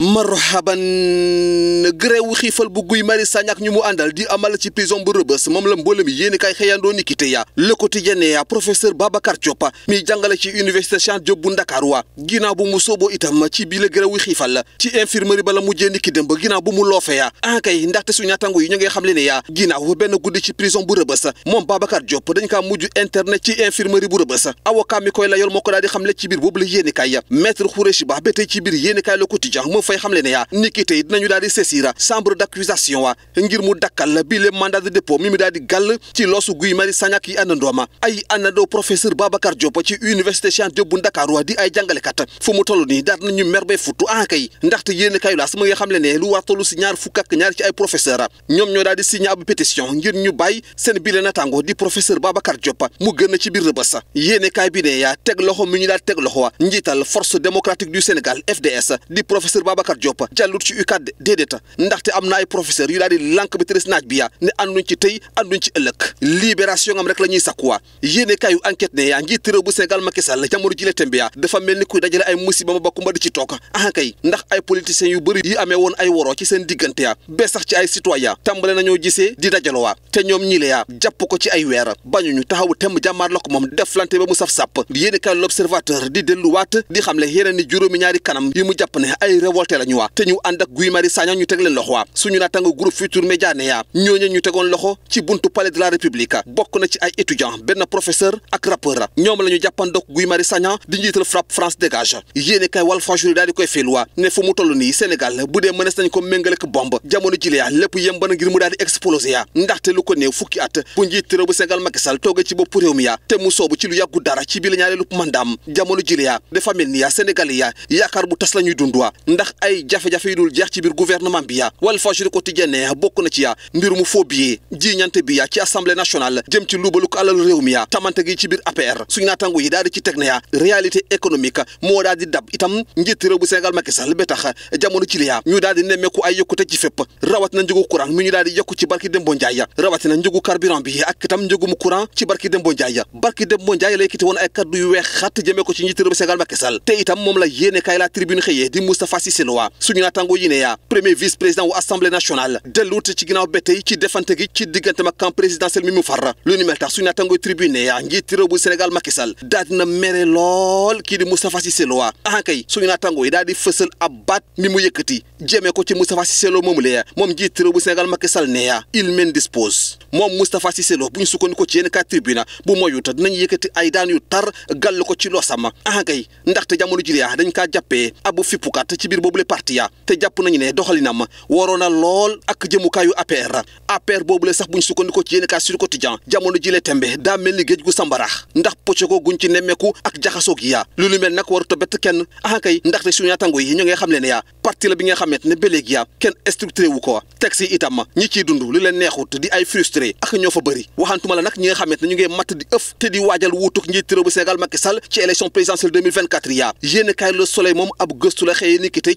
marhaban gréewu xiifal bu Guy Marius Sagna ak ñu mu àndal di amal ci prison bu rëbës moom la mboolem yéen kay kaay xëyandoo ni kité ya le quotidien ya mi jàngale ci université Cheikh Diop wa ginnaaw bu mu sooboo itam ci bii la la ci infirmerie bala mu jéeni ki dëmb ginnaaw bu mu loofe ya ankay ah ndaxte su ñaatango yi ñu ngay xam le ne yaa ginnaaw benn guddi ci prison bu rëbës moom Babacar Diop dañ kaa mujj internet ci infirmerie bu rëbës avocat mi koy la yool moo ko daal di xamle ci biir boobu la yéen i kaay maître Khoureyssi Ba ba tey ci biir yéen i kaay le quotidien fay xamle ne yaa ni ki tey dinañu daal di saisir chambre d'accusation wa ngir mu dakkal bii le mandat de dépôt mi mu daal di gàll ci loosu Guy Marius Sagna yi àndandooma ay àndandoo professeur Babacar Diop ci université Cheikh Diop bu di ay jàngalekat fu mu toll nii daal na mer bay futtu ah kay ndaxte yéen kay laas ma nga xamle ne lu war toll si ñaar fukk ak ñaar ci ay professeur ñoom ñoo daal di signé ab pétition ngir ñu bàyyi seen bile natango Babacar Diop jàllut ci UCAD déedéet ndaxte am na ay professeurs yu daal di lànk bi tëres bi yaa ne ànduñ ci tey ànduñ ci ëllëg libération am rek la ñuy sakkuwaa yéene kayu enquête ne yaa njiit réew bu Sénégal Macky Sall jamono jile tembiya dafa mel ni kuy dajale ay musiba ma bakkumba di ci toog ah kay ndax ay politiciens yu bëri yi amee woon ay woroo seen diggante yaa bee sax ci ay citoyen tàmbale nañoo gisee di dajalo waa te woote la ñu waa te ñu ànd ak Guy Marius Sagna ñu teg le loxo waa suñu naataango groupe Futurs Médias ne yaa ñooñu ñu tegoon loxo ci buntu palais de la république bokk na ci ay étudiants benn professeur ak rappeur ñoom la ñu jàppandoog Guy Marius Sagna di njiital FRAPP France dégage yéene kay Walf Fadjri daal di koy feeluwaa ne fu mu toll nii Sénégal bu dee mënees nañ ko méngale ak bombe jamono jile yaa lépp yem bana ngir mu daal di explosé yaa ndaxte lu ko néew fukki at bu njiit réew bu Sénégal Macky Sall toogee ci bopp réew mi yaa te mu soobu ci lu dara ci bi la ñaareelu mandaam jamono jile yaa dafa mel ni yaa Sénégal yi yaa yaakaar bu tas la ñuy dund waa ndax ay jafe-jafe yu dul jeex ci biir gouvernement bi ya Walf Fadjri Quotidien ne bokk na ci ya mbir mu faux billets jiiñante bi ya ci assemblée nationale jëm ci lu ko alalu réew mi ya tamante gi ci biir APR suñu naatango yi daal di ci teg ne ya réalité économique moo daal di dab itam njiit réew bu Sénégal Macky Sall ba tax jamono ci liyaa ñu daal di nemmeeku ay yokkute ci fépp rawat na njëgu courant mi ñu daal yokku ci barki Dembo Ndiaye rawatina njëgu carburant bi ak itam njëgum courant ci barki Dembo Ndiaye barki Dembo Ndiaye la yëkkati woon ay kaddu yu weex xat wa suñu naataango yi ne ya premier vice président wu assemblée nationale delluut ci ginnaaw ba ci defante ci diggante ma présidentiel mi mu lu ni mel tax suñu naataango tribune ne ya bu Sénégal Macky Sall daal lool kii di Moustapha Cissé Lo ah kay suñu naataango yi daal di fësal ab baat mi mu ko ci Moustapha Cissé Lo moomu la moom njiit bu Sénégal Macky Sall il m'en dispose moom Moustapha Cissé Lo bu ñu sukkandiku ko ci boobu le parti ya te jàpp nañu ne doxalinam waroon na lool ak jëmukaayu APR APR boobu le sax bu ñu sukkandikoo ci yéen kaa sur quotidien jamono ji le tembe daa mel gu sambarax ndax pocco guñ ci nemmeeku ak jaxasoo gi lu lu mel nag warut a kenn ah kay ndaxte suñu naataango yi ñoo ngi xam leen yaa parti la bi nga xamante ne ba léegi yaa kenn structuré ko texte yi itam ñi ciy lu leen neexut di ay frustré ak ñoo fa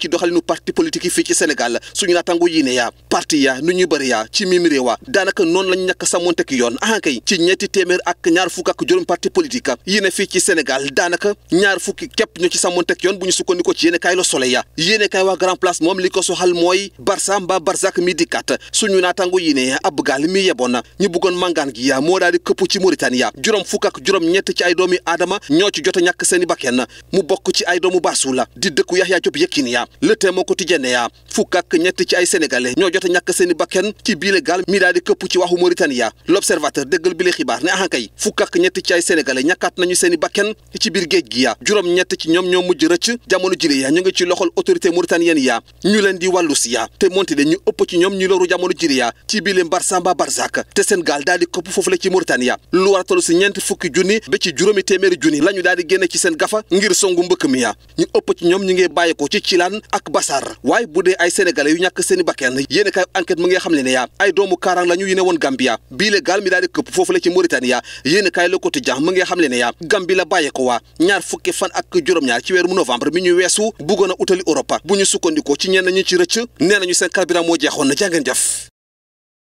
ci doxalinu parti politique yi fii ci Sénégal suñu naataango yi ne yaa parti yaa nu ñuy bëri ci mim réewa daanaka noonu lañ ñàkk sàmmonte ki yoon ahankay ci ñetti téeméer ak ñaar fukk ak juróom parti politique yi ne fii ci Sénégal daanaka ñaar fukki képp ñoo ci sàmmonte ki yoon bu ñu sukkandikoo ci yéene kaay la Soleil ya yéene kaay waa Grand Place moom li ko soxal mooy Barça mbaa Barzak mi dikkaat suñu naataango yi ne ab gaal mi yeboon ñu bëggoon màngaan gi yaa këpp ci Mauritanie juróom fukk ak juróom ñett ci ay doomi aadama ñoo ci jot ñàkk seeni bakkan mu bokk ci ay doomu Barsu la di dëkku Yaxya Jóob Yékini ya le témoin quotidien ne yaa fukk ak ñett ci ay sénégalais ñoo jot a ñàkk seen i bakken ci biile gaal mi daal di këpp ci waxu Mauritania l'observateur dëggal bile xibaar ne axankay ah fukk ak ñett ci ay sénégalais ñàkkaat nañu seen i bakken ci biir géej gi yaa juróom ñett ci ñoom ñoo mujj rëcc jamono jile yaa ñu ngi ci loxol autorité mauritanienne yaa ñu leen di wàllu si yaa te monte de ñu ëpp ci ñoom ñu loru jamono jile yaa ci biile Mbarsamba Barzak te seen gaal ñeent fukki junni ba ci juróomi téeméeri junni la ñu daal di génne ci seen gafa ngir songu mbëkk ñoom ñu ngi bàyyi ko ci ak Bassar waaye bu dee ay sénégalais yu ñàkk seeni bakkan yéen a kaay enquête mu ngi xam le ne yaa ay doomu Karang la ñu yéene woon Gambia bii la gaal mi daal di këpp foofu la ci Mauritania yéen a kaay Le Quotidien mu xam le ne yaa Gambie la bàyyee ko waa ñaar fukki fan ak juróom-ñaar ci weeru novembre mi ñu weesu buggoon a utali Europe bu ñu sukkandikoo ci ñenn ñu ci rëcc nee nañu seen carburant moo jeexoon na jàngeen jëf